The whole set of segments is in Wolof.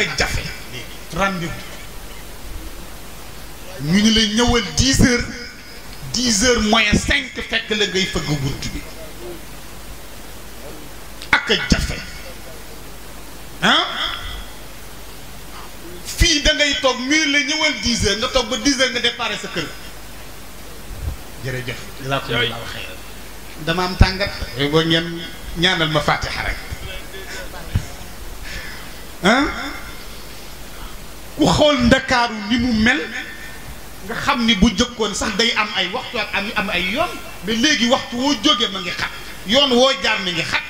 ak jafe rendez-vous ñu ni la ñëwal dix heures dix heures moins cinq fekk la ngay fëgg bunt bi ak jafe ah fii da ngay toog mur la ñëwal dix heures nga toog ba dix heures nga déparé sa kër jërëjëf laa ko la dama am tàngat eh, boo ngeen ñaanal ma fatiha rek ah ku xool ndakaaru ni mu mel nga xam ni bu jëkkoon sax day am ay waxtu ak am am ay yoon mais léegi waxtu woo jógee ma ngi xat yoon woo jaar mi ngi xat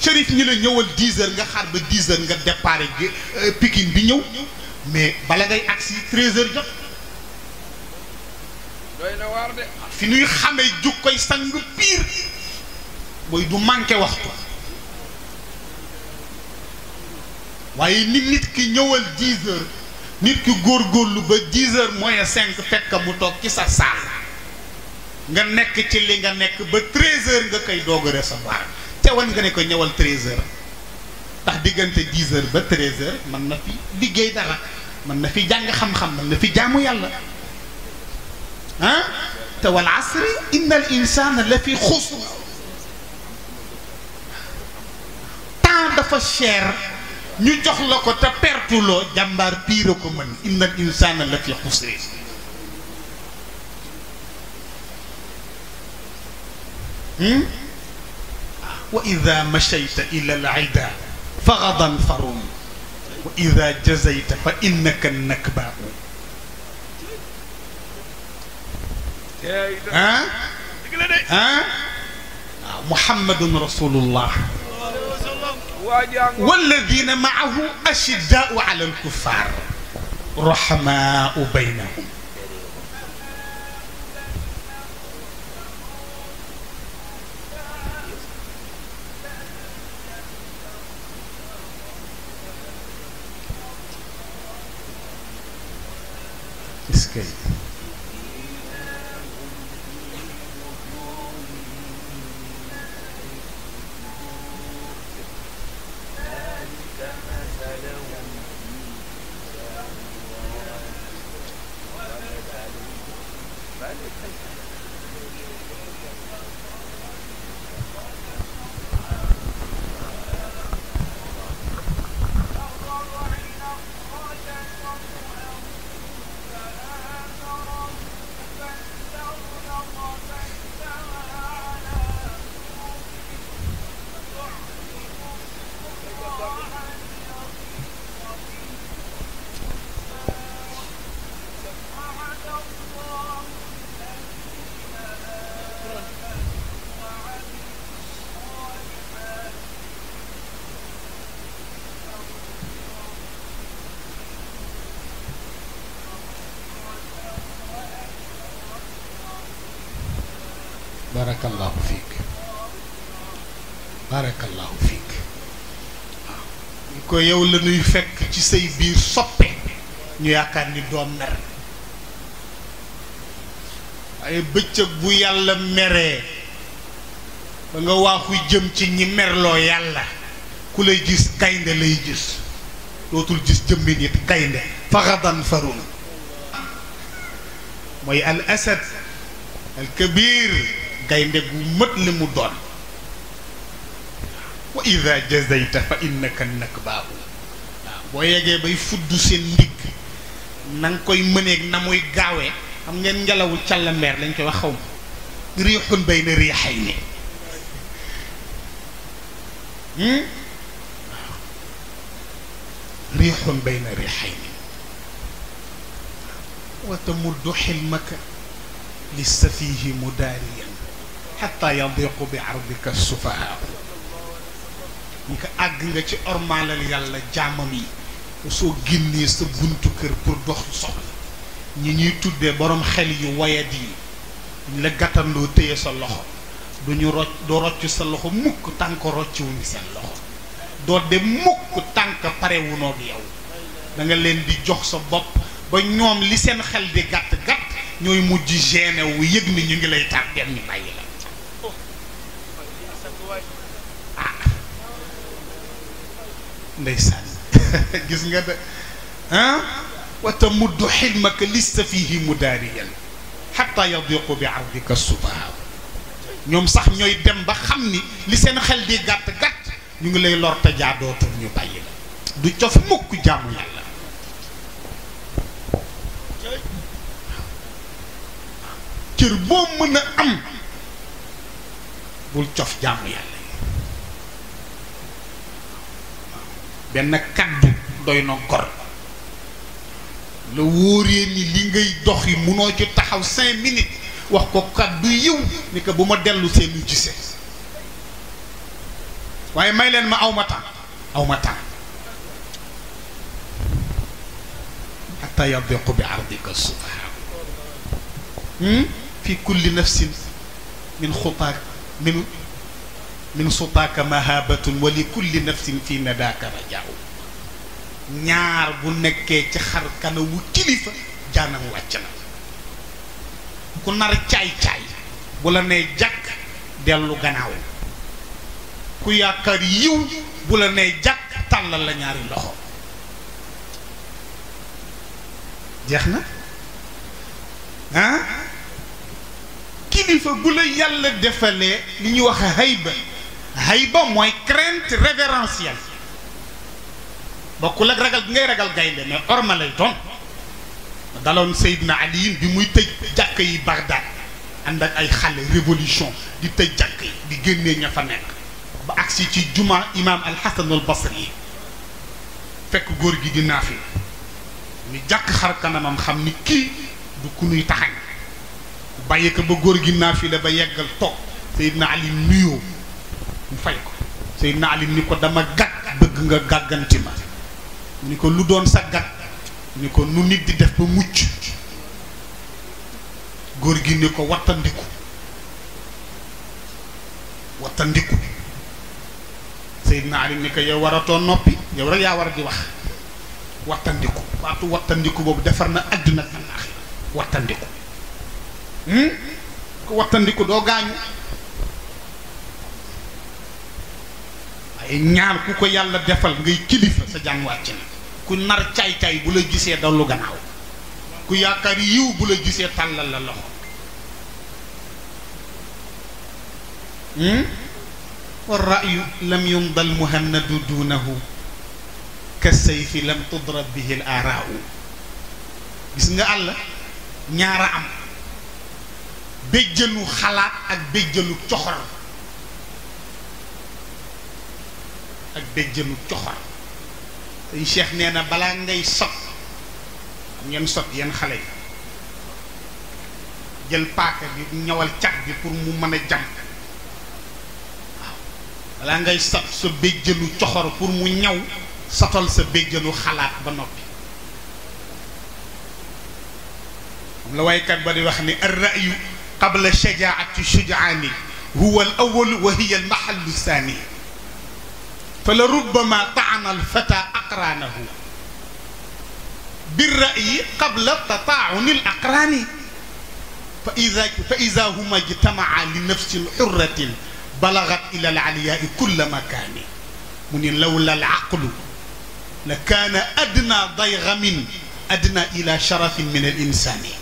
Chérif ñi la ñëwal 10 heures nga xaar ba 10 heures nga départ euh, Pikine bi ñëw mais bala ngay agsi 13 heures jot. doy na waar ah, fi nuy xamee jug koy sang pire mooy du manqué waxtu waaye nit nit ki ñëwal 10 heures. nit ki góorgóorlu ba dix heures moins cinq fekk mu toog ci sa saal nga nekk ci li nga nekk ba treize heures nga koy doog a recevoir ca wan nga ne ko ñëwal treize heures ndax diggante dix heure ba treize heures mën na fi liggéey dara mën na fi jàng xam-xam mën na fi jaamu yàlla ah te wal asri inna al insana la fi xusr temps dafa cher ñu jox la ko te pertuloo jàmbaar piir a ko mën innal insaana la fi xusri hmm? wa ida machayta ila al ida fa gadan farum wa ida jazayta fa innaka nakbaa ah ah muhammadun rasulullah walladina maahu ashiddaau ala alkuffar rahamaau baynahum est-ce que barakallahu ñu ko yow la fekk ci say biir soppe ñu yaakaar ni doom mer waaye bëccëg bu yàlla meree ba nga waaxu jëm ci ñi merloo yàlla ku lay gis kaynde lay gis lootul gis jëmmi nit kaynde faxadan farun mooy al asad al kabir gaynde gu mët li mu doon wa ida jazayta fa innaka waaw boo yegee bay fudd seen ndigg na koy mëneeg na muy gaawee xam ngeen ngelawu càlla lañ koy wax xaw ma riixun bay na riixay ni hmm? riixun bay na riixay ni wa tamuddu xilmaka li safiihi mudaariya xataa yadiqu bi ardika sufaha ñu ko àgg nga ci ormaalal yàlla jàmmam yi soo génnee sa buntu kër pour dox soxla ñi ñuy tuddee boroom xel yu wayat yi ñu la gàttandoo téye sa loxo duñu rocc doo rocc sa loxo mukk tànk roccewuñu seen loxo doo dem mukk tànk parewunoog yow da nga leen di jox sa bopp ba ñoom li seen xel di gàtt gàtt ñooy mujj génne wu yëg ni ñu ngi lay tàggat ñu bàyyi la ndeysaan gis nga de a ah? wata muddu xilmaka lista fihi mudaariyan xata yadiqu bi ardika subaab ñoom sax ñooy dem ba xam ni li seen xel di gàtt gàtt ñu ngi lay lor te jaadootul ñu bàyyi la du cof mukk jaamu yàlla cër boo mën a am bul cof jaamu yàlla benn kaddu doy na gor la wóoree ni li ngay dox yi munoo ci taxaw cinq minutes wax ko kàddu yiw ni ko bu ma dellu seenu gisee waaye may leen ma aw ma temps aw ma temps bi ardika sufaha hmm? fi kulli nafsin min xutaak min min sutaaka mahabatun wa li kulli nafsin fi nadaaka rajaaw ñaar bu nekkee ci xar kanamu kilifa jaanam wàcc na ku nar caay-caay bu la nee jàkk dellu gannaaw ku yaakaar yiw bu la nee jàkk tàllal la ñaari loxo jeex na ah kilifa bu la yàlla defalee li ñuy wax hayba hayba mooy crainte révérentielle bokkul ak ragal bi ngay ragal gaynde mais orma lay doon daloon Seydina Ali bi muy tëj jàkk yi Bagdad ànd ak ay xale révolution di tëj jàkk yi di génnee ña fa nekk ba agsi ci juma imam alxasanul basri yi fekk góor gi di naafi ñu jàkk xar kanamam xam ni kii du ku nuy taxañ bàyyi ko ba góor gi naafi la ba yeggal toog na Ali nuyoo mu fay ko Seydina Ali ni ko dama gàgg bëgg nga gàgganti ma ni ko lu doon sa gàgg ni ko nu nit di def ba mucc góor gi ni ko wattandiku wattandiku Seydina Ali ni ko yow waratoo noppi yow rek yaa war di wax wattandiku wattandiku boobu defar na àdduna ak àllaaxira wattandiku hmm? wattandiku doo gaañu waaye ñaar ku ko yàlla defal ngay kilifa sa jàng wàcc na ku nar caay-caay bu la gisee dallu gannaaw ku yaakaar yiw bu la gisee tàllal la loxo hmm? wa rayu lam yumdal muhannadu duunahu ka sayfi lam tudrab bihi l gis nga àll ñaara am béjjëlu xalaat ak béjjëlu coxor ak béjjënu coxor sëñ nee na balaa ngay sot ngeen sot yenn xale yi jël paaka bi ñawal cat bi pour mu mën a jam waaw balaa ngay sot sa béjjënu coxor pour mu ñaw sotal sa béjjënu xalaat ba noppi am la waykat ba di wax ni ar rayu qabla shajaati shujaani huwa al wa hiya al mahallu saani fa la rubbama taana alfata aqraanahu birrayi qabla tataawuni l aqraani fa ida fa ida huma ijtamaa li nafsin xurratin balagat ila al aliyaai kulla makaani mu ni lawla al aqlu la kaana adna daygamin adna ila sharafin min al insaani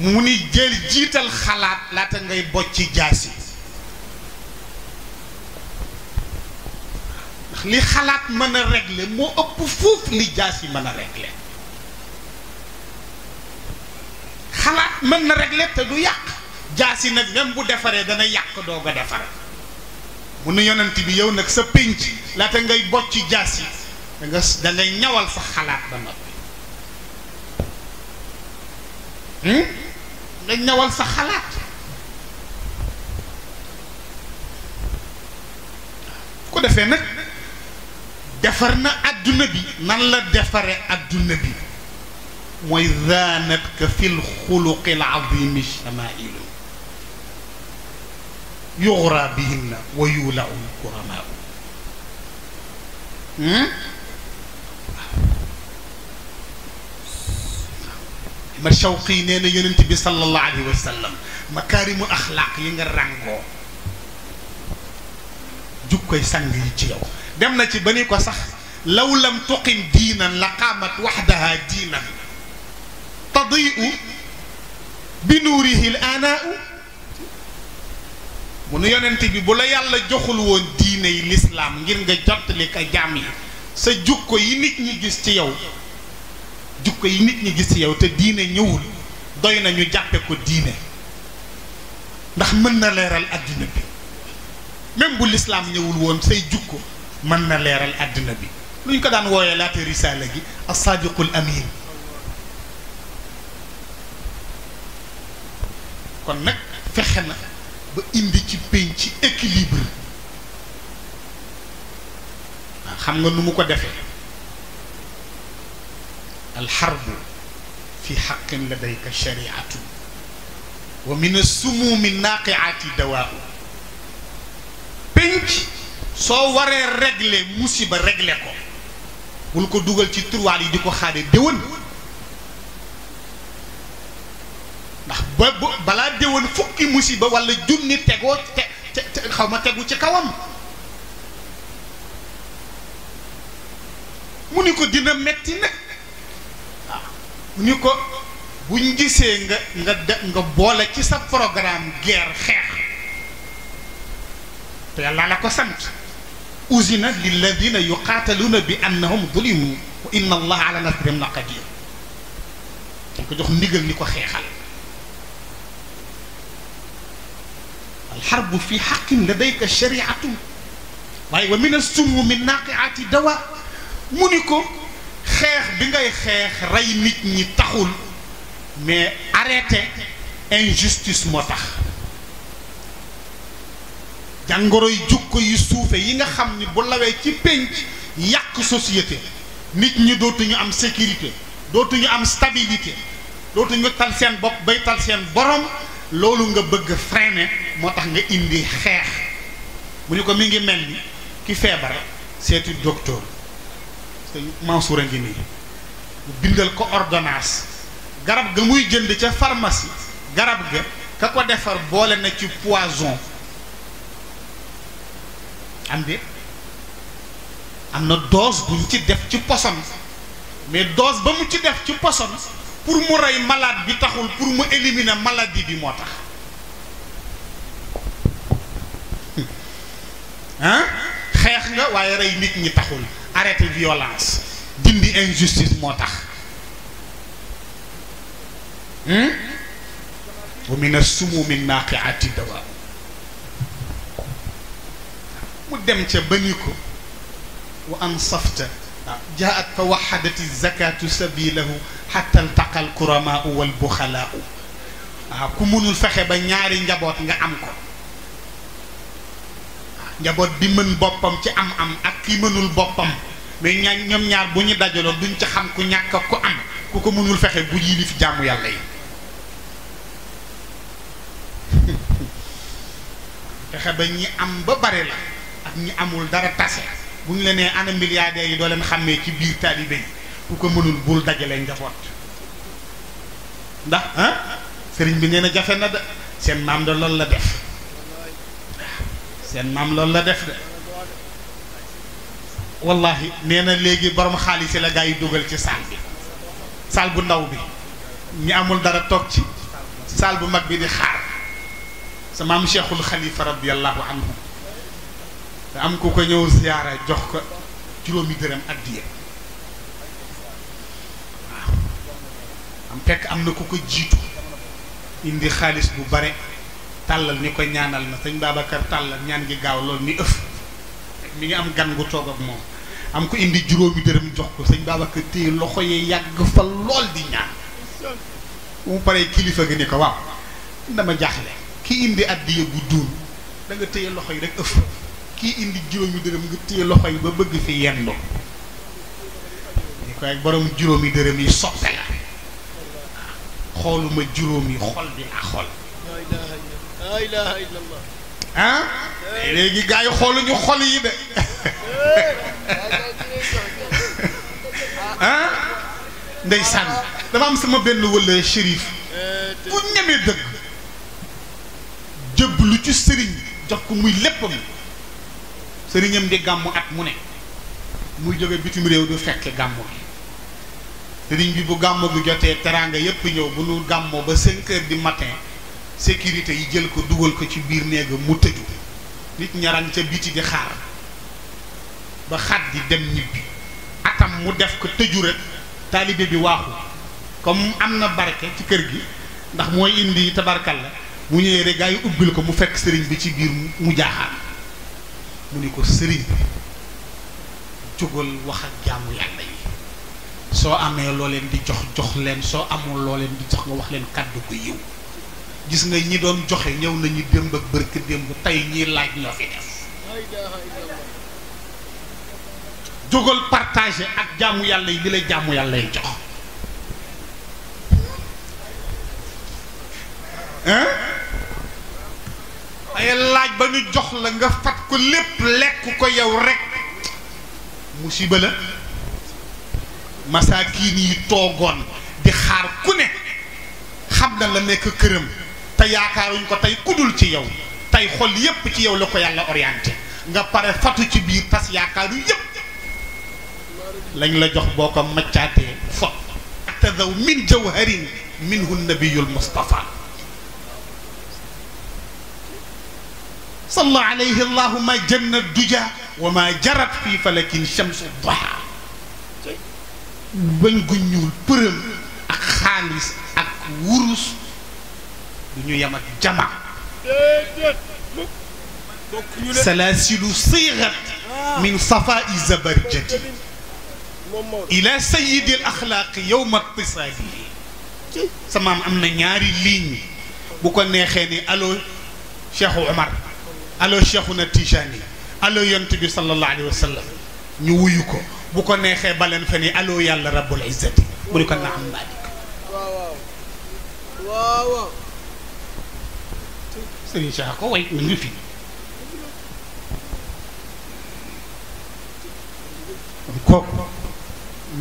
mu ni jël jiital xalaat laata ngay bocci jaasi li xalaat mën a régler moo ëpp fuuf li jaas yi mën a régler xalaat mën na régler te du yàq jaas yi nag même bu defaree dana yàq doo ko defare mu nu yonent bi yow nag sa pénc laata ngay bocc jaas yi da nga da ñawal sa xalaat ba noppi hmm? nga ñawal sa xalaat ko defee nag defar na àdduna bi nan la defare àdduna bi mooy zaanat ka fil xuluqi l azimi shamailu yuxra bihinna wa yulaau lkuramaa hmm? ma shawqi nee na yonent bi sallallahu alayhi wa sallam makaarimu axlaaq yi nga ràngoo jukkoy sang yi ci yow dem na ci ba ni ko sax law lam tuqim diinan la qaamat waxdaha diinan tadiu bi nuurihi l anaau mu nu yonent bi bu la yàlla joxul woon diine yi lislaam ngir nga jottali ko jaam yi sa jukko yi nit ñi gis ci yow jukko yi nit ñi gis ci yow te diine ñëwul doy nañu ñu jàppe ko diine ndax mën na leeral àddina bi même bu lislaam ñëwul woon say jukko mën na leeral àddina bi luñ ko daan wooyee laata risaala gi as-saadiqul kon nag fexe na ba indi ci pénc ci équilibre waaw xam nga lu mu ko defe alxarbu fi xaqin ladayka shariatu wa min assumuumi naaqiaati dawaa pénc soo waree régler musiba régler ko bul ko dugal ci tiroir yi di ko xaare déwén ndax ba balaa déwén fukki musiba walla junni tegoo te te xaw ma tegu ci kawam mu ni ko dina metti nag waaw mu ni ko buñ gisee nga nga de nga boole ci sa programme guerre xeex te yàlla la ko sant uzina lilladina yuqaataluuna bi annahum zulimu wa inna allah ala nasrihim qadir dañ ko jox ndigal ni ko xeexal alxarbu fi xaqin ladayka shariatun waaye wa min assumu min naqiati dawa mu ni ko xeex bi ngay xeex rey nit ñi taxul mais arrêté injustice moo tax jàngoroy jukko yu suufe yi nga xam ni bu lawee ci pénc yàq société nit ñi dootuñu am sécurité dootuñu am stabilité dootuñu tal seen bopp bay tal seen borom loolu nga bëgg freiner moo tax nga indi xeex mu ni ko mu ngi mel ni ki feebar seeti docteur sëñ Mansour a ngi nii bindal ko ordonnance garab ga muy jënd ca pharmacie garab ga ka ko defar boole na ci poison am de am na doos bu ñu ci def ci poson mais doos ba mu ci def ci poson pour mu rey malade bi taxul pour mu éliminer maladie bi moo tax ah xeex nga waaye rey nit ñi taxul arrêter violence dindi injustice moo tax hmm? wa mina sumumi naaqiati dawaa ku dem ca ba ni ko wa an safta ah, jaat fa waxadati zakatu sabilahu xatta altaqal kuramaau wal buxalaau waaw ah, ku mënul fexe ba ñaari njaboot nga am ko ah, njaboot bi mën boppam ci am-am ak ki mënul boppam mais ña ñoom ñaar bu ñu dajaloon duñ ca xam ku ñàkk ko am ku ko mënul fexe bu yilif jàmm yàlla yi fexe ba ñi am ba bare la ak ñi amul dara tase bu ñu la nee ana milliardaires yi doo leen xàmmee ci biir taalibe yi ku ko mënul buur bul dajale njaboot ndax ah sëriñ bi nee na jafe na de seen maam de loolu la def seen maam lool la def de wallahi nee na léegi borom xaalis yi la gaa yi dugal ci saal bi saal bu ndaw bi ñi amul dara toog ci saal bu mag bi di xaar sa maam cheikhul xalifa radiallahu anhu am ko ko ñëw ziyaara jox ko juróomi dërëm addiya waaw am fekk am na ko ko jiitu indi xaalis bu bare tàllal ni koy ñaanal na sëñ Babacar tàllal ñaan gi gaaw lool ni ëf mi ngi am gan gu toog moom am ko indi juróomi dërëm jox ko sañ Babacar téye loxo yee yàgg fa lool di ñaan bu mu paree kilifa gi ni ko waaw dama jaaxle ki indi addiya bu duun da nga loxo yi rek ëf kii indi juróomi dërëm nga téye loxo yi ba bëgg fi yendu ñu koy ak borom juróomi dërëm yi soppe la xooluma juróomi xol bi laa xol la ilaha illallah ah léegi gars yi xooluñu xol yi de ah ndeysaan dama am sama benn wëla shérif ku ñemee dëgg jëb lu ci sëriñ jox ko muy léppam sëriñam di gàmmu at mu ne mu jóge bitim réew du fekk gàmmu bi sëriñ bi bu gàmmu bi jotee teraanga yépp ñëw bu nu gàmmoo ba seen kër du matin sécurité yi jël ko dugal ko ci biir néega mu tëju nit ñaran ca biti di xaar ba xat di dem ñibbi atam mu def ko tëju rek taalibe bi waaxu comme am na barke ci kër gi ndax mooy indi tabarkal la mu ñëwee rek gaa yi ubbil ko mu fekk sëriñ bi ci biir mu jaaxaan mu ni ko sëriñ jógal wax ak jaamu yàlla yi soo amee loo leen di jox jox leen soo amoon loo leen di jox nga wax leen kàddu ko yiw gis nga ñi doon joxe ñëw nañu démb ak bërki démb tey ñiy laaj ñoo fi def jógal partagé ak jaamu yàlla yi li lay jaamu yàlla yi jox hein ay laaj ba ñu jox la nga fat ko lépp lekk ko yow rek musiba la masaakiin yi toogoon di xaar ku ne xam na la nekk këram te yaakaaruñ ko tey kudul ci yow tey xol yépp ci yow la ko yàlla orienté nga pare fatu ci biir tas yaakaaru yépp lañ la jox boo ko maccaatee fot tadaw min jawharin minhu nabiyul mustafa salla alayhi allahuma janna duja wa ma jarat fi falakin shamsu duha bañ gu ñuul përëm ak xaalis ak wurus du ñu yam ak jama salaasilu sigat min safai zabarjadi ila sayidi al axlaaqi yowma ittisaalihi samaam am na ñaari ligne bu ko neexee ni allo Cheikh Omar allo Cheikhuna Tijani allo yonent bi sallallahu alayhi wa sallam ñu wuyu ko bu ko neexee baleen fa ni allo yàlla rabbul izzati mu ni ko naam maalik kooku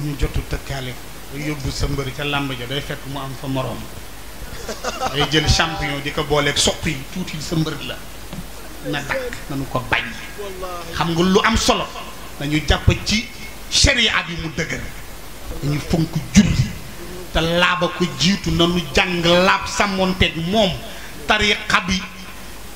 ñu jotu tëkkaale yóbbu sa mbër ca làmb day fekk mu am fa moroom day jël champion di ko booleeg soq yi tuuti sa mbër la na takk nañu ko bañ xam nga lu am solo nañu jàpp ci sharia yi mu dëgër dañu fonk julli te laaba ko jiitu nañu jàng laab sàmmoonteeg moom tariqa bi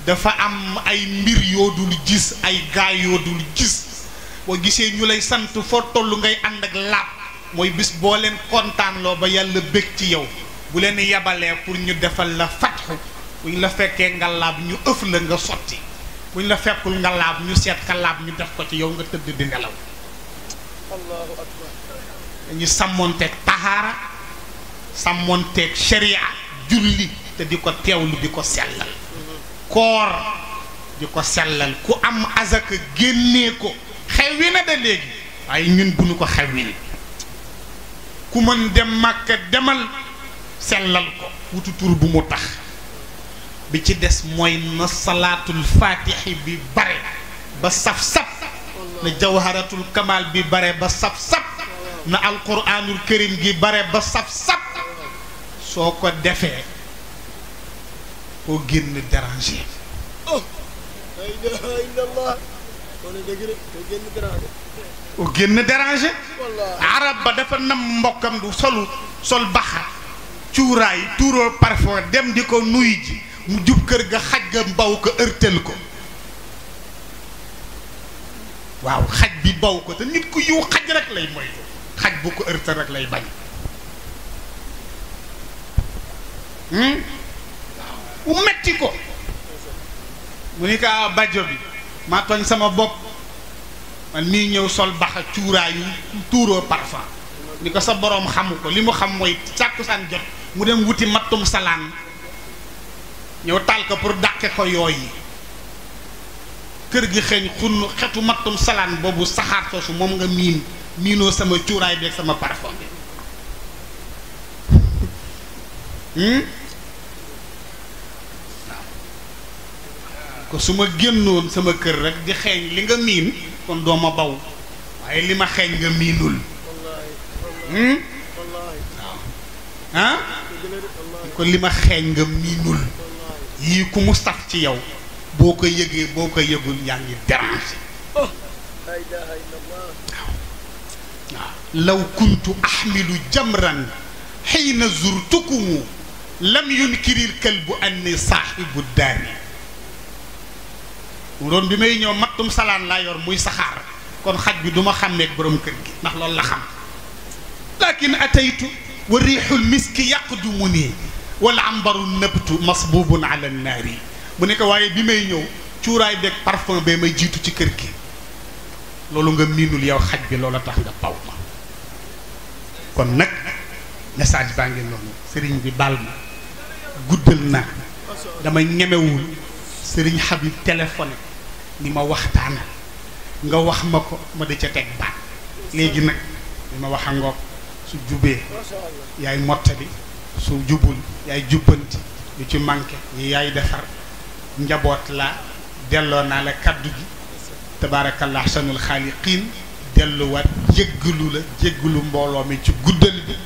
dafa am ay mbir yoo dul gis ay gaay yoo dul gis boo gisee ñu lay sant foo toll ngay ànd ak laab mooy bis boo leen kontaanloo ba yàlla bég ci yow bu leen yebalee pour ñu defal la fatxu bu ñu la fekkee nga laab ñu ëf la nga sotti buñ la fekkul nga ñu seet ka laab ñu def ko ci yow nga tëdd di nelaw dañu sàmmoonteeg taxaara sàmmoonteeg sharia julli te di ko teewlu di ko sellal koor di ko sellal ku am azaka génnee ko xewwi na da léegi waaye ñun bu ñu ko xewwi ku mën dem màkka demal sellal ko wutu tur bu mu tax bi ci des mooy na salaatul faatixi bi bare ba saf-saf na jawharatul kamal bi bare ba saf-saf na alquranul karim gi bare ba saf-saf soo ko defee boo génn déranger oh, arab ba dafa nam mbokkam du solu sol baxa cuuraay tuuroo parfum dem di ko nuyu mu jub kër ga xaj ga mbaw ko ërtël ko waaw xaj bi baw ko te nit ku yiw xaj rek lay moytu xaj bu ko ërtël rek lay bañ hmm? u metti ko mu ni ko ah, bajo bi maa tooñ sama bopp man mii ñëw sol baxa cuuraayu tuuroo parfum ni ko sa boroom xamu ko li mu xam mooy sàkkusaan jot mu dem wuti mattum salaan ñëw taal ko pour dàqe ko yooyu kër gi xeeñ xunn xetu mattum salaan boobu saxaar soosu moom nga miin miinoo sama cuuraay bi ak sama parfum hmm? ko su ma génnoon sama kër rek di xeeñ li nga miin kon doo ma baw waaye li ma xeeñ nga miinul hmm? waaw kon li ma xeeñ nga miinul yii ku mu saf ci yow boo ko yëgee boo ko yëgul yaa ngi déranger waaw waaw law kuntu axmilu jamran zurtukumu lam yunkiril kalbu anni saaxibu daani doon bi may ñëw mattum salaan laa yor muy saxaar kon xaj bi duma xàmmeeg boroom kër gi ndax loolu la xam lakin ataytu wa riixul miski yàqdumu nii wala ambaru nëbtu masbubun naar yi mu ne ko waaye bi may ñëw cuuraay beeg parfum bee may jiitu ci kër gi loolu nga miinul yow xaj bi loola tax nga paw ma kon nag message baa ngi noonu sëriñ bi baal ma guddal naa dama ñemewul sëriñ Habib téléphoné ni ma waxtaanal nga wax ma ko ma da teg baat léegi nag li ma wax a ngoog su jubee yaay mottali su jubul yaay jubbanti yu ci manqué yi yaay defar njaboot la delloo naa la kàddu gi tabaarakallah sanul xaaliqiin delluwaat jéggalu la jéggalu mbooloo mi ci guddal bi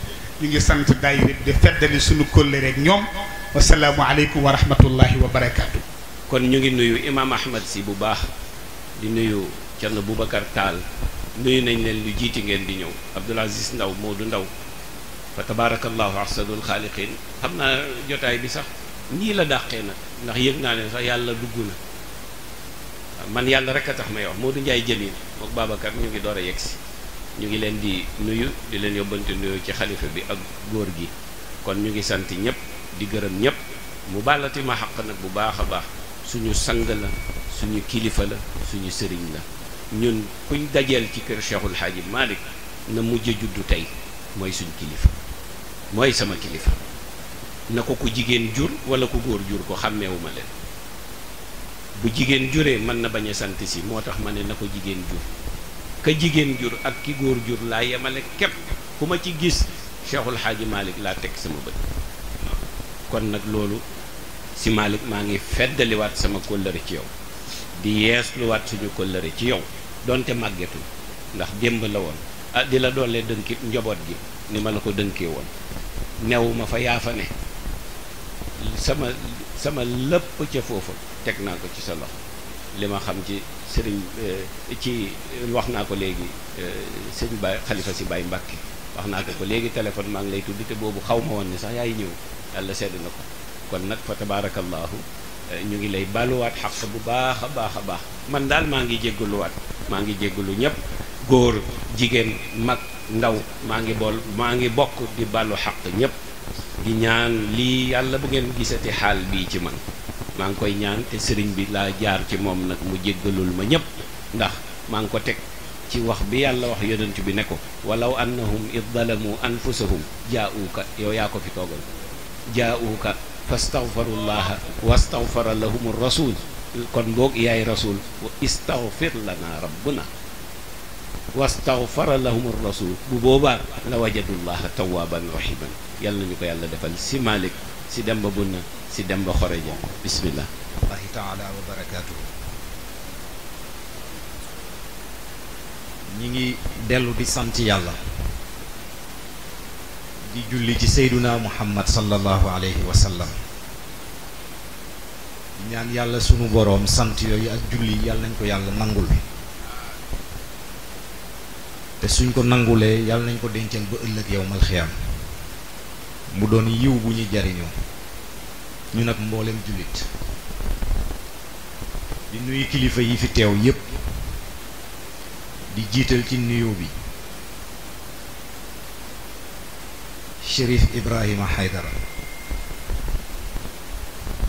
ñu ngi sant day rek di feddali suñu kóllëre rek ñoom wasalaamu aleykum wa rahmatullahi wa barakaatu. kon ñu ngi nuyu imaam ahmad si bu baax di nuyu Thierno Boubacar Tall nuyu nañ leen lu jiiti ngeen di ñëw Abdoul Aziz Ndaw Modou Ndaw fa tabaarakallaahu ahsanul xaaliqiin xam naa jotaay bi sax nii la dàqee nag ndax yëg naa ne sax yàlla dugg na man yàlla rek a tax may wax du njaay Jamil mook Babacar ñu ngi door a yegg si ñu ngi leen di nuyu di leen yóbbante nuyu ci xalifa bi ak góor gi kon ñu ngi sant ñëpp di gërëm ñëpp mu balati ma xaq nag bu baax a baax suñu sang la suñu kilifa la suñu sëriñ la ñun kuñ dajeel ci kër Cheikhul Hadji Malick na mujj juddu tey mooy suñ kilifa mooy sama kilifa na ko ku jigéen jur wala ku góor jur ko xàmmeewuma leen bu jigéen juree mën na bañ a sant si moo tax ma ne na ko jigéen jur ka jigéen jur ak ki góor jur laa yemale képp ku ma ci gis Cheikhul Xaaji Malick laa teg sama bët kon nag loolu si Malick maa ngi feddaliwaat sama kóllëre ci yow di yeesluwaat suñu kóllëre ci yow donte màggetul ndax démb la woon ah di la doole dënkit njaboot gi ni ma la ko dënkee woon newuma fa yaa fa ne sama sama lépp ca foofa teg naa ko ci sa loxo li ma xam ci sëriñ eh, ci wax naa ko léegi eh, sëñ Baye xalifa si Baye Mbàkke wax naa ko ko léegi téléphone maa ngi lay tudd te boobu xaw ma woon ni sax yaay ñëw yàlla sedd na ko kon nag fa tabaarakallaahu eh, ñu ngi lay baluwaat xaq bu baax a baax a baax man daal maa ngi jéggaluwaat maa ngi jéggalu ñëpp góor jigéen mag ndaw maa ngi bool maa ngi bokk di bàllu xaq ñépp di ñaan lii yàlla bu ngeen gisati xaal bii ci man maa ngi koy ñaan te sëriñ bi laa jaar ci moom nag mu jéggalul ma ñépp ndax maa ngi ko teg ci wax bi yàlla wax yonent bi ne ko walaw annahum id dalamu anfusahum jaa'uuka yow yaa ko fi toogal jaa'uuka fastaghfarullaha wastaghfara lahum rasul kon boog yaay rasul wa istaghfir lana rabbuna wastaghfara lahum rasul bu boobaa la wajadullaha tawaaban rahiman yàlla ñu ko yàlla defal si Malick si Demba Bunna si Demba Xoreja bismillah allahi taala wa barakatuhu ñi ngi dellu di sant yàlla di julli ci seyduna muhammad sallallahu alayhi wa sallam ñaan yàlla sunu boroom sant yooyu ak julli yàlla nañ ko yàlla nangul te suñ ko nangulee yàlla nañ ko dencal ba ëllëg yow mal xiyaam mu doon yiw bu ñuy jariñoo ñu nag mboolem jullit di nuyu kilifa yi fi teew yépp di jiital ci nuyu bi Chérif Ibrahima Haydara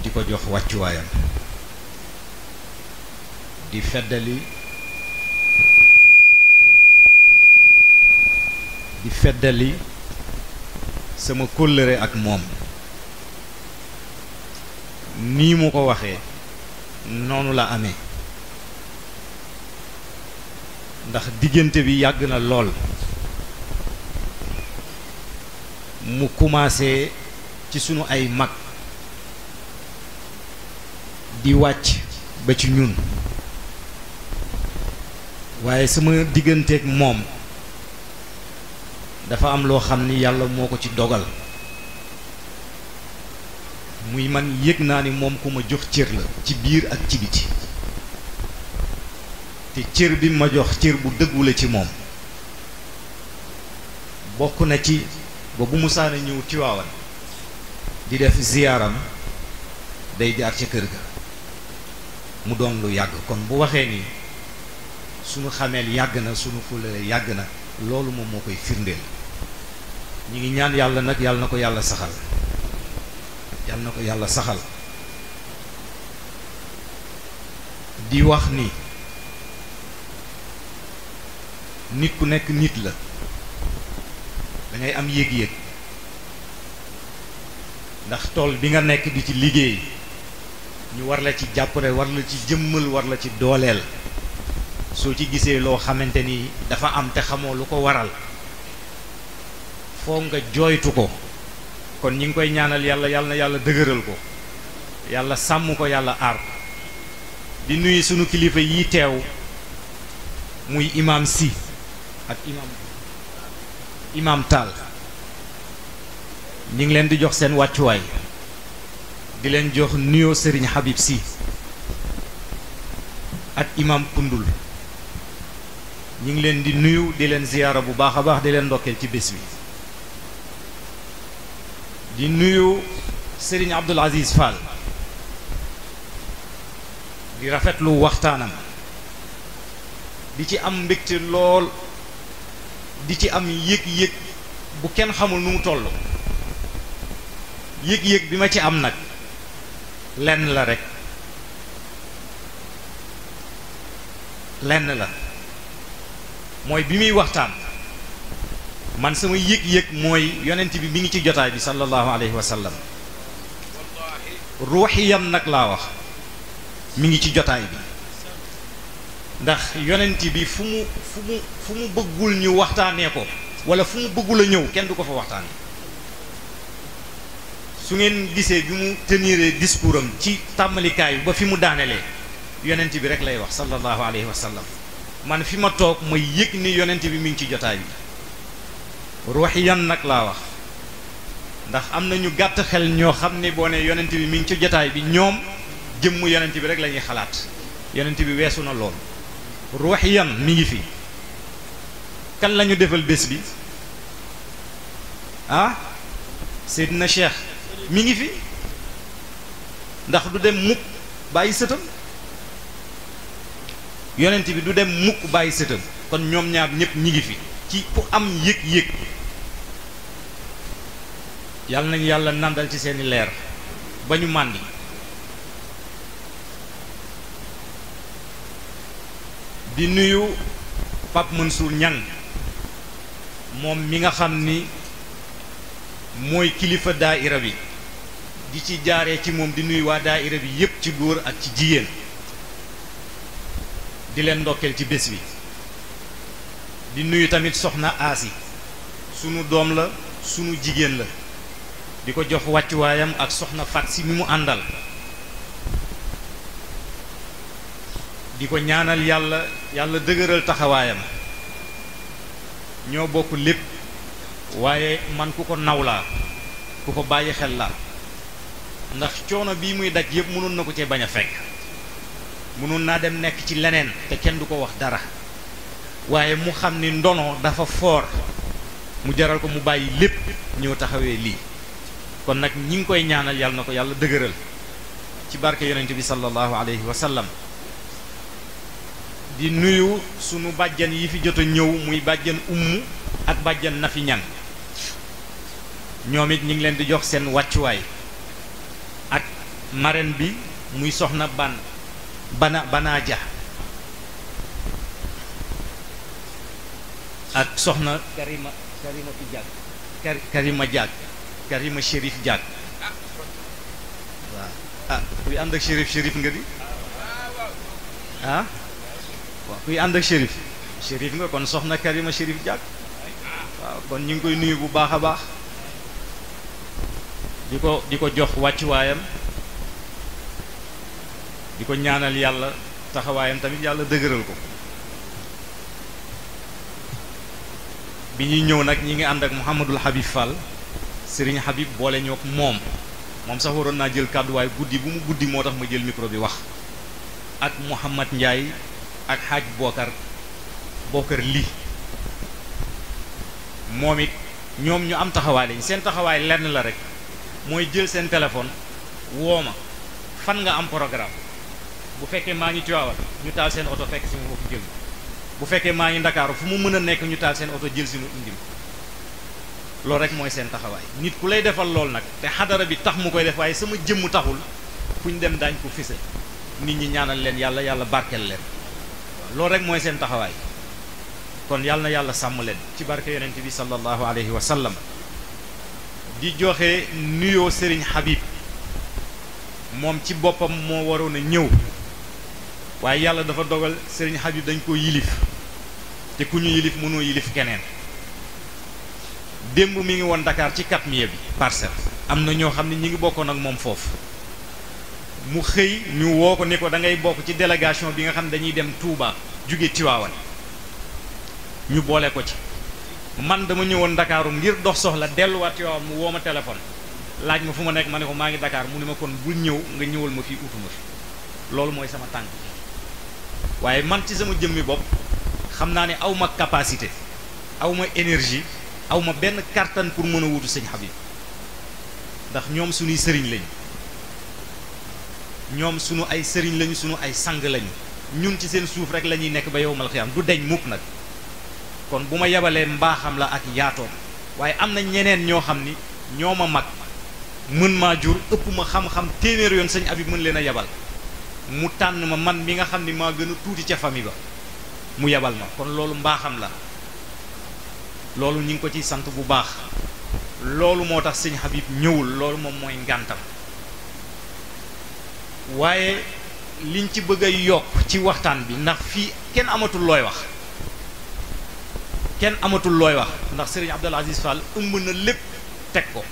di ko jox wàccuwaayam di feddali di feddali sama kóllëre ak moom nii mu ko waxee noonu la ame ndax diggante bi yàgg na lool mu commencé ci sunu ay mag di wàcc ba ci ñun waaye sama digganteeg moom dafa am loo xam ni yàlla moo ko ci dogal muy man yëg naa ni moom ku ma jox cër la ci biir ak ci biti te cër bi ma jox cër bu dëggu ci moom bokk na ci ba bu musaana ñëw Tiwaawan di def ziyaaram day jaar ca kër ga mu doon lu yàgg kon bu waxee ni sunu xameel yàgg na sunu fulale yàgg na loolu moom moo koy firndeel ñi ngi ñaan yàlla nag yàlla na ko yàlla saxal yàlla na ko yàlla saxal di wax ni nit ku nekk nit la dangay am yëg-yëg ndax tool bi nga nekk di ci liggéey ñu war la ci jàppale war la ci jëmmal war la ci dooleel soo ci gisee loo xamante ni dafa am te xamoo lu ko waral foog nga jooytu ko kon ñi ngi koy ñaanal yàlla yàlla na yàlla dëgëral ko yàlla sàmm ko yàlla aar di nuyu sunu kilifa yi teew muy imaam si ak imaam imaam taal ñi ngi leen di jox seen wàccuwaay di leen jox nuyoo sëriñ Habib si ak imaam kundul ñi ngi leen di nuyu di leen ziyaara bu baax a baax di leen ndokkeel ci bés bi di nuyu Serigne Abdoul Aziz Fall di rafetlu waxtaanam di ci am mbégte lool di ci am yéeg yëg bu kenn xamul nu mu toll yéeg yëg bi ma ci am nag lenn la rekk lenn la mooy bi muy waxtaan man sama yëg-yëg mooy yonent bi mi ngi ci jotaay bi sallallahu alayhi wa sallam ruuxiyam nag laa wax mi ngi ci jotaay bi ndax yonent bi fu mu fu mu fu mu bëggul ñu waxtaanee ko wala fu mu bëggul a ñëw kenn du ko fa waxtaane su ngeen gisee bi mu teniree discours am ci tàmmalikaayu ba fi mu daanelee yonent bi rek lay wax sallallahu alay wa sallam man fi ma toog ma yëg ni yonent bi mi ngi ci jotaay bi ruuxiyan nag laa wax ndax am na ñu gàtt xel ñoo xam ne boo ne yonent bi mi ci jataay bi ñoom jëmm yonent bi rek lañuy xalaat yonent bi weesu na lool yan mi ngi fi kan lañu defal bés bi ah sedd na Cheikh mi ngi fi ndax du dem mukk bàyyi sëtam yonent bi du dem mukk bàyyi sëtam kon ñoom ñaar ñëpp ñi ngi fi ci ku am yëg-yëg yàlla nañu yàlla nandal ci seeni leer ba ñu màndi di nuyu Pape Mansour Niang moom mi nga xam ni mooy kilifa daaira bi di ci jaare ci moom di nuyu waa daaira bi yépp ci góor ak ci jigéen di leen ndokkeel ci bés bi di nuyu tamit soxna aasi sunu doom la sunu jigéen la di ko jox wàccuwaayam ak soxna Faat si mi mu àndal di ko ñaanal yàlla yàlla dëgëral taxawaayam ñoo bokk lépp waaye man ku ko naw laa ku ko bàyyi xel la ndax coono bii muy daj yëpp mënul na ko cee bañ a fekk mënoon naa dem nekk ci leneen te kenn du ko wax dara waaye mu xam ni ndono dafa foor mu jaral ko mu bàyyi lépp ñëw taxawee lii kon nag ñi ngi koy ñaanal yàlla na ko yàlla dëgëral ci barke yonent bi sallallahu alayhi wa sallam di nuyu sunu bàjjan yi fi jot a ñëw muy bàjjan ummu ak bàjjan na fi ñan ñoom it ñu ngi leen di jox seen wàccuwaay ak marraine bi muy soxna ban bana banaa ja ak soxna karima karima fi karima jàgg Karima Chérif Diack waaw ah kuy ànd ak Chérif Chérif nga di ah waaw kuy ànd ak Chérif Chérif nga kon soxna Karima Chérif Diack waaw kon ñu ngi koy nuyu bu baax a baax di ko di ko jox wàccuwaayam di ko ñaanal yàlla taxawaayam tamit yàlla dëgëral ko bi ñuy ñëw nag ñi ngi ànd ak Mouhamadul Habib Fall Serigne Habib boole ñoog moom moom sax waroon naa jël kàdduwaay guddi bu mu guddi moo tax ma jël micro bi wax ak Mouhamad njaay ak Hadj boo kër lii moom it ñoom ñu am taxawaay lañ seen taxawaay lenn la rek mooy jël seen téléphone woo ma fan nga am programme bu fekkee maa ngi Tiwaawan ñu taal seen oto fekk si ma foofu jël bu fekkee maa ngi Ndakaaru fu mu mën a nekk ñu taal seen oto jël si nu indi loolu rek mooy seen taxawaay nit ku lay defal loolu nag te xadara bi tax mu koy def waaye sama jëmm taxul fu ñu dem daañ ko fise nit ñi ñaanal leen yàlla yàlla barkel leen loolu rek mooy seen taxawaay kon yàlla na yàlla sàmm leen ci barke yonent bi sallallahu alayhi wa sallam di joxe nuyoo Serigne Habib moom ci boppam moo waroon a ñëw waaye yàlla dafa dogal Serigne Habib dañ ko yilif te ku ñu yilif mënoo yilif keneen démb mi ngi woon ndakaar ci katmiya bi parcel am na ñoo xam ne ñu ngi bokkoon ak moom foofu mu xëy ñu woo ko ni ko da ngay bokk ci délégation bi nga xam ne dañuy dem Touba jóge Tiwaawan ñu boole ko ci man dama ñëwoon Dakaaru ngir dox soxla delluwaat Tiwaawan mu woo ma téléphone laaj ma fu ma nekk ma ne ko maa ngi Dakar mu ne ma kon bul ñëw nga ñëwal ma fii utuma fi loolu mooy sama tànk waaye man ci sama jëmmi bopp xam naa ni aw ma capacité aw ma énergie aw ma benn kàttan pour mën a wutu sëñ Habib ndax ñoom suñuy sëriñ lañu ñoom suñu ay sëriñ lañu suñu ay sang lañu ñun ci seen suuf rek la ñuy nekk ba yow mal xiyaam du deñ mukk nag kon bu ma yebalee mbaaxam la ak yaatoom waaye am na ñeneen ñoo xam ni ñoo ma mag mën maa jur ëpp ma xam-xam téeméer yoon sëñ yi mën leen a yebal mu tànn ma man mi nga xam ni maa gën a tuuti ca famille ba mu yebal ma kon loolu mbaaxam la loolu ñu ngi ko ciy sant bu baax loolu moo tax sëñ Habib ñëwul loolu moom mooy ngàntam waaye liñ ci bëgg a yokk ci waxtaan bi ndax fii kenn amatul looy wax kenn amatul looy wax ndax sëriñ Abdul Aziz Fall ëmb na lépp teg ko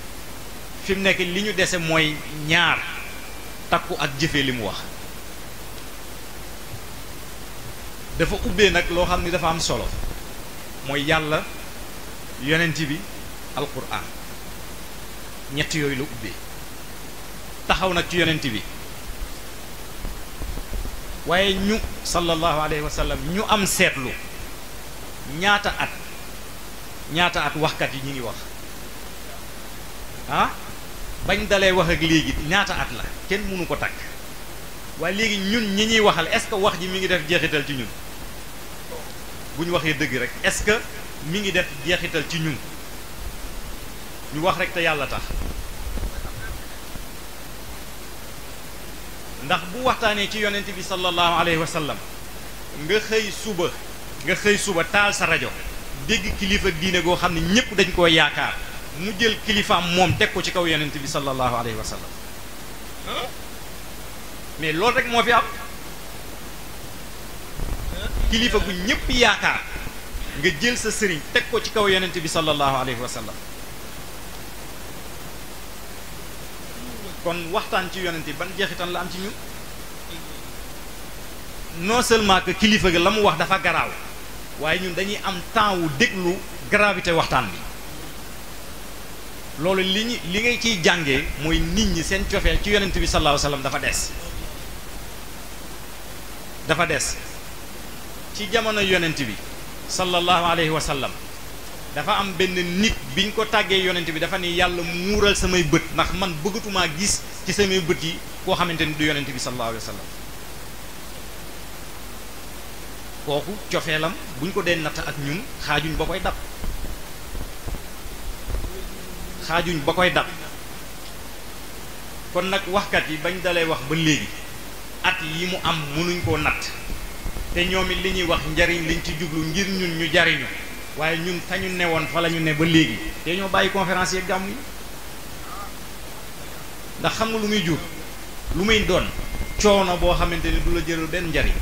fi mu nekk li ñu dese mooy ñaar takku ak jëfe li mu wax dafa ubbee nag loo xam ni dafa am solo mooy yàlla yonent bi alquran ñett yooyu la ubbee taxaw nag ci yonent bi waaye ñu sallallahu alayhi wa sallam ñu am seetlu ñaata at ñaata at waxkat yi ñu ngi wax ah bañ dalee wax ak léegi ñaata at la kenn mënu ko takk waaye léegi ñun ñi ñuy waxal est-ce que wax ji mi ngi def jeexital ci ñun bu ñu waxee dëgg rek est-ce que mi ngi def jeexital ci ñun ñu wax rek te yàlla tax ndax bu waxtaanee ci yonent bi sallallahu alayhi wa nga xëy suba nga xëy suba taal sa rajo dégg kilifa diine goo xam ne ñëpp dañ koo yaakaar mu jël kilifaam moom teg ko ci kaw yonent bi sallallahu alayhi wa sallam mais loolu rek moo fi am kilifa gu ñëpp yaakaar nga jël sa sëriñ teg ko ci kaw yonent bi sallallahu alayhi wa sallam kon waxtaan ci yonent ban jeexitan la am ci ñu non seulement kilifa gi la mu wax dafa garaaw waaye ñun dañuy am temps wu déglu gravité waxtaan bi loolu li ñu li ngay ciy jànge mooy nit ñi seen cofeel ci yonent bi sallallahu alayhi dafa des dafa des ci jamono yonent bi sallallahu alayhi wa sallam dafa am benn nit biñ ko tàggee yonent bi dafa ni yàlla mu muural samay bët ndax man bëggatumaa gis ci samay bët yi koo xamante ni du yonent bi sallallahu alayhi wa kooku cofeelam buñ ko dee natt ak ñun xaajuñ ba koy dab xaajuñ ba koy dab kon nag waxkat yi bañ dalee wax ba léegi at yi mu am mënuñ koo natt te ñoom it li ñuy wax njariñ liñ ci jublu ngir ñun ñu jariñu waaye ñun fa ne woon fa la ñu ne ba léegi te ñoo bàyyi conférence yi gàmm yi ndax xam nga lu muy jur lu muy doon coono boo xamante ne du la jëral benn njariñ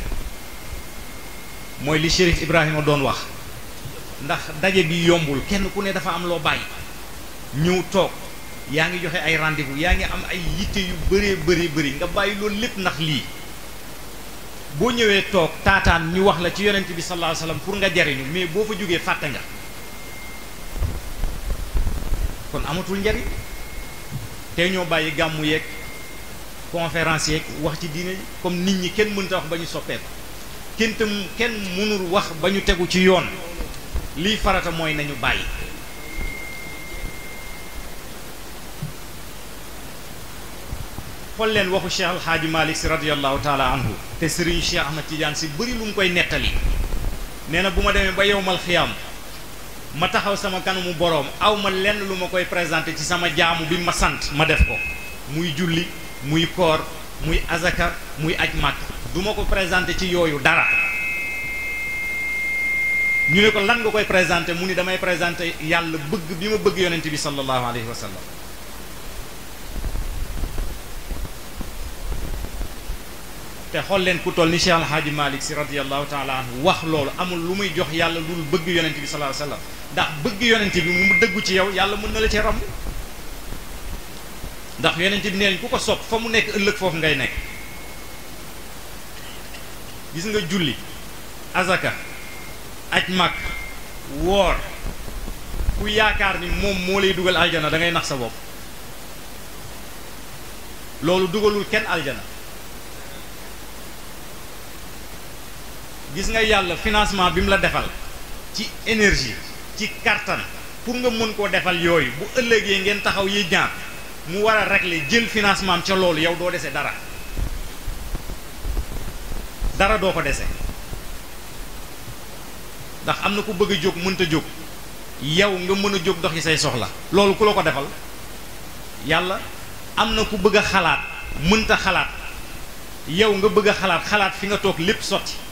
mooy li Chérif Ibrahima doon wax ndax daje bi yombul kenn ku ne dafa am loo bàyyi ñëw toog yaa ngi joxe ay rendez yaa ngi am ay yitte yu bëree bëri bëri nga bàyyi loolu lépp ndax lii boo ñëwee toog taataan ñu wax la ci yonent bi sallallahu alayhi wasallam pour nga jariñu mais boo fa jógee fàtte nga kon amatul njariñ tey ñoo bàyyi gàmmu yeeg conférence yeeg wax ci diine comme nit ñi kenn mënta wax ba ñu soppeeku kenn tam kenn mënul wax ba ñu tegu ci yoon lii farata mooy nañu bàyyi xool leen waxu Cheikh Al Hadj Malick si radiyallahu taala anhu te Serigne Cheikh Ahmad Tidiane si bëri lu mu koy nettali nee na bu ma demee ba yowmal xiyaam ma taxaw sama kanamu boroom aw ma lenn lu ma koy présenté ci sama jaamu bi ma sant ma def ko muy julli muy koor muy azaka muy aj màkk du ma ko présenté ci yooyu dara ñu ne ko lan nga koy présenté mu ni damay présenté yàlla bëgg bi ma bëgg yonent bi sallallahu alayhi wa sallam te xool leen ku toll ni Cheikh Alhaaji Malick si radiallahu taala anhu wax loolu amul lu muy jox yàlla lul bëgg yonent bi sallallahu alayhi wasallam ndax bëgg yonent bi mu dëggu ci yow yàlla mën na la ci ndax yonent bi nee nañ ku ko sopp fa mu nekk ëllëg foofu ngay nekk gis nga julli azaka aj mag woor ku yaakaar ni moom moo lay dugal aljana da ngay nax sa bopp loolu dugalul kenn aljana gis nga yàlla financement bi mu la defal ci énergie ci kattan pour nga mën koo defal yooyu bu ëllëgee ngeen taxaw yi ñaar mu war a régler jël financement ca loolu yow doo dese dara dara doo ko dese ndax am na ku bëgg a jóg mënta jóg yow nga mën a jóg dox ci say soxla loolu ku la ko defal yàlla am na ku bëgg a xalaat mënta xalaat yow nga bëgg xalaat xalaat fi nga toog lépp sotti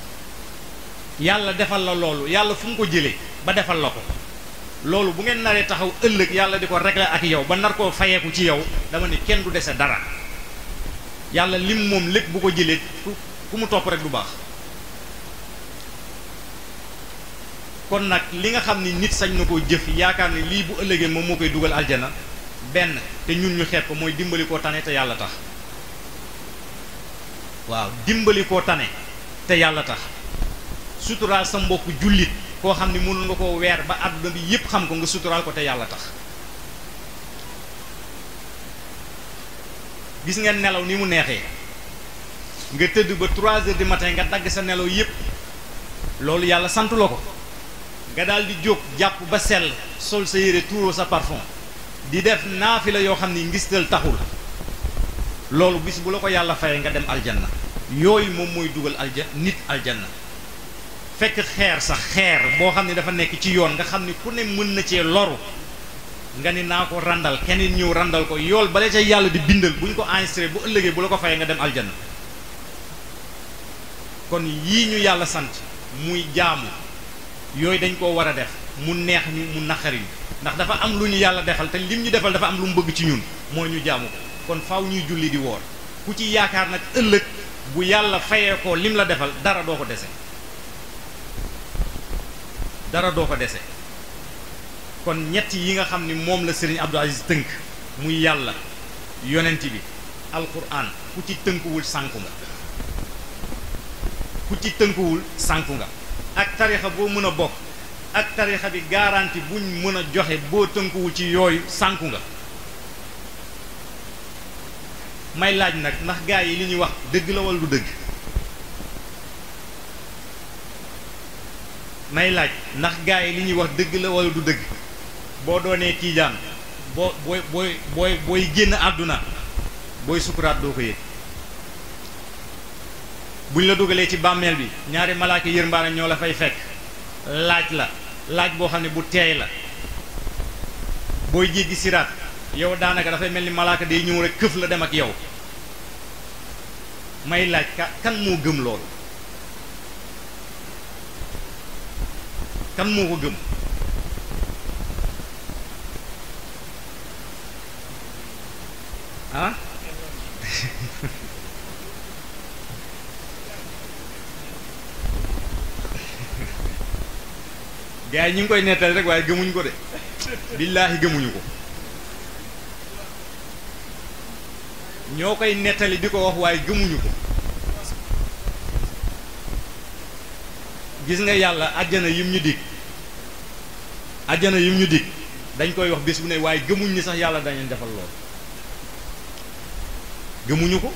yàlla defal la loolu yàlla fu mu ko jëlee ba defal la ko loolu bu ngeen naree taxaw ëllëg yàlla di ko régler ak yow ba nar koo fayeeku ci yow dama ne kenn du dese dara yàlla lim moom lépp bu ko jëlee ku mu topp rek du baax kon nag li nga xam ni nit sañ na koo jëf yaakaar ne lii bu ëllëgee moom moo koy dugal aljana benn te ñun ñu xeet ko mooy dimbali koo tane te yàlla tax waaw dimbali koo tane te yàlla tax suturaal sa mbokk jullit koo xam ne mënul nga koo weer ba àdduna bi yépp xam ko nga suturaal ko te yàlla tax gis nga nelaw ni mu neexee nga tëdd ba trois heures du matin nga dagg sa nelaw yépp loolu yàlla sant la ko nga daal di jóg jàpp ba sell sol sa yére tuuroo sa parfum di def la yoo xam ni ngistal taxul loolu bis bu la ko yàlla fayee nga dem aljanna yooyu moom mooy dugal alja nit aljanna fekk xeer sax xeer boo xam ne dafa nekk ci yoon nga xam ni ku ne mën na cee loru nga ni naa ko randal keneen ñëw randal ko yool bale ca yàlla di bindal bu ñu ko enregistré bu ëllëgee bu la ko fayee nga dem aljanna kon yii ñu yàlla sant muy jaamu yooyu dañ koo war a def mu neex ñu mu naqari ñu ndax dafa am lu ñu yàlla defal te lim ñu defal dafa am lu mu bëgg ci ñun mooy ñu jaamu ko kon faw ñuy julli di woor ku ci yaakaar nag ëllëg bu yàlla fayee ko lim la defal dara doo ko dese dara doo ko dese kon ñett yi nga xam ni moom la sëriñ Abdou Aziz tënk muy yàlla yonent bi alquran ku ci tënkuwul sànku nga ci tënkuwul sànku nga ak tarixa boo mën a bokk ak tarixa bi garanti buñ mën a joxe boo tënkuwul ci yooyu sànku nga may laaj nag ndax gaa yi li ñuy wax dëgg la wala du dëgg may laaj ndax gars yi li ñuy wax dëgg la wala du dëgg boo doonee tiijaan boo booy booy booy booy génn àdduna booy sukuraat doo ko yëg buñ la dugalee ci bàmmeel bi ñaari malaaka yërmbaane ñoo la fay fekk laaj la laaj boo xam ne bu teey la booy jéggi siraat yow daanaka dafay mel ni malaaka day ñëw këf la dem ak yow may laaj kan moo gëm loolu kan moo ko gëm ah gars yi ñu ngi koy nettali rek waaye gëmuñ ko de billaahi gëmuñu ko ñoo koy nettali di ko wax waaye gëmuñu ko gis nga yàlla àjjana yim ñu dig àjjana yim ñu dig dañ koy wax bis bu ne waaye gëmuñ ni sax yàlla dañu defal lool gëmuñu ko